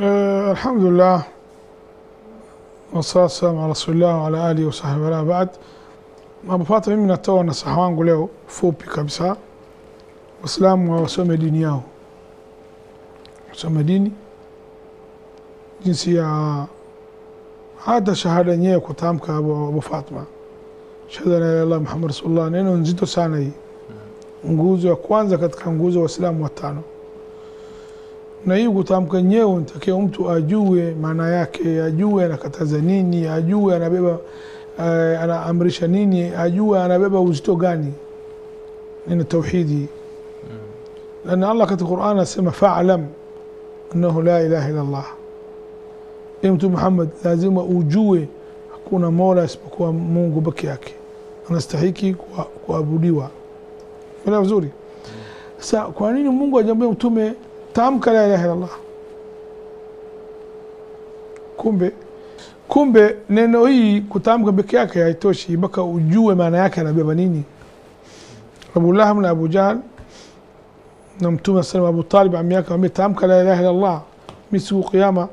Ee, eh, elhamdülillah wassalatu salamu ala rasulillah wa ala alihi wasahbihi wala baad. Mabufata, mimi natoa nasaha wangu leo fupi kabisa. Waislamu wasome dini yao, wasome dini jinsi ya hata shahada yenyewe kutamka. Abu Fatma, shahada la ilaha illallah Muhammad rasulullah, neno nzito sana hii, nguzo ya kwanza katika nguzo wa Waislamu watano na hii kutamka nyewe unatakiwa mtu ajue maana yake, ajue anakataza nini, ajue anabeba uh, anaamrisha nini, ajue anabeba uzito gani. Nina tauhidi mm. na Allah katika Qur'an asema fa'lam annahu la ilaha illa Allah. E Mtume Muhammad, lazima ujue hakuna mola isipokuwa Mungu peke yake, anastahiki kuabudiwa. Ela vizuri. Hmm. Sasa kwa nini Mungu ajambia mtume تامك لا إله إلا الله كم ب ننوي كتامك بكياك يا توشي بكا وجوه ما نياك أنا ببنيني أبو الله من أبو جان نمتوم السلام أبو طالب عم ياك أمي تامك لا إله إلا الله مسو قيامة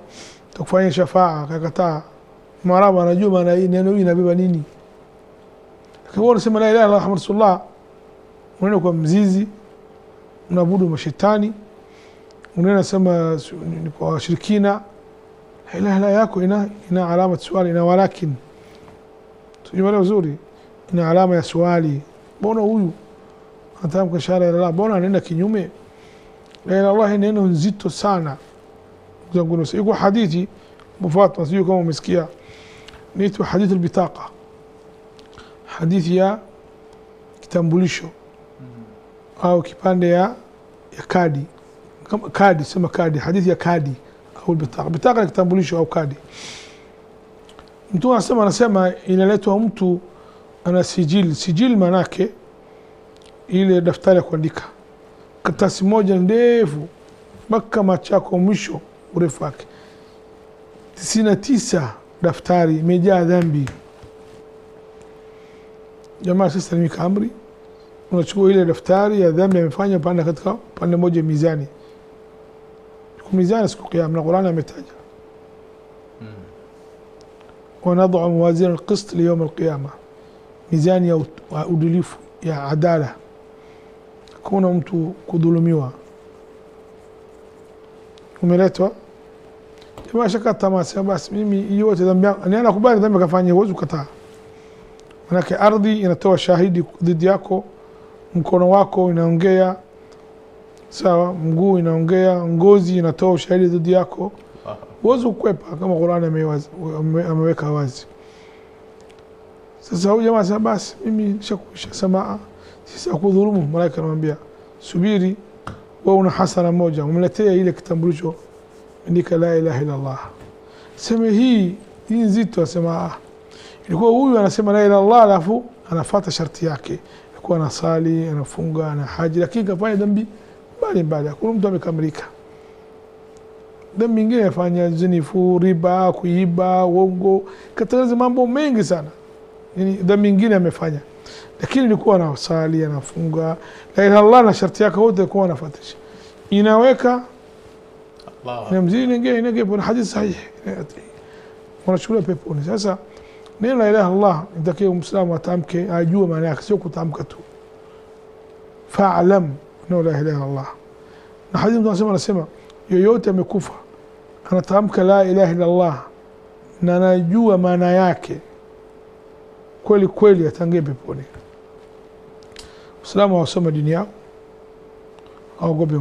تكفاني شفاعة كاكتا ما رابا نجو ما ننوي نبي بنيني كبور سمى لا إله إلا الله رسول الله ونكو مزيزي ونبودو مشيتاني ونينا سما شركينا إله لا ياكو إنا إنا علامة سؤال إنا ولكن يوم طيب، لو زوري إنا علامة سؤالي بونا ويو أنا تام كشارة إلى الله بونا إنا كنيومي لأن الله إنا إنا نزيد تسانا زي نقول سيكو حديثي مفاطمة سيكو مسكية نيتو حديث البطاقة حديث يا كتامبوليشو أو كيباندي يا يكادي kadi, sema kadi, hadithi ya kadi au bitaka. Bitaka ni kitambulisho au kadi. Mtu anasema anasema inaletwa mtu ana sijil, sijil manake ile daftari ya kuandika, karatasi moja ndefu mpaka macho yako mwisho urefu wake, tisini na tisa daftari imejaa dhambi. Jamaa sasa ni amri, unachukua ile daftari ya dhambi amefanya, panda katika pande moja mizani ميزان ميزانس قيام القران يا ونضع موازين القسط ليوم القيامه ميزان يودليف يا عداله كون امت كظلميوا وميلاتو ما شكا تماس بس ميمي يوت ذنبي انا انا كبار ذنبي كفاني وزو كتا هناك ارضي ان تو شاهدي ضدياكو مكونواكو ان انجيا sawa, mguu inaongea, ngozi inatoa ushahidi dhidi yako, huwezi kukwepa kama Qur'ani ameweka wazi. Sasa huyu jamaa sasa, basi mimi nishakusha samaa, sisi akudhulumu. Malaika anamwambia subiri, wewe una hasara moja, umletea ile kitambulisho, andika la ilaha illa Allah. Sema hii hii nzito, asema ah ilikuwa huyu anasema la ilaha illa Allah, alafu anafuata sharti yake, ilikuwa anasali, anafunga, ana haji, lakini kafanya dhambi mbalimbali, hakuna mtu amekamilika. Dhambi nyingine afanya zinifu, riba, kuiba, uongo, katalezi mambo mengi sana, yani dhambi nyingine amefanya, lakini ilikuwa anasali, anafunga la ilaha illallah na sharti yake wote alikuwa anafuatisha, inaweka na mzini nyingine inagepo na hadithi sahihi, wanachukuliwa peponi. Sasa neno la ilaha illallah inatakiwa muislamu atamke, ajue maana yake, sio kutamka tu. Fa'lam, no la ilaha illallah na hadithi Mtume anasema anasema yoyote amekufa anatamka la ilaha illa Allah na anajua maana yake kweli kweli, atangie peponi. Uislamu hawasoma dini yao, aogope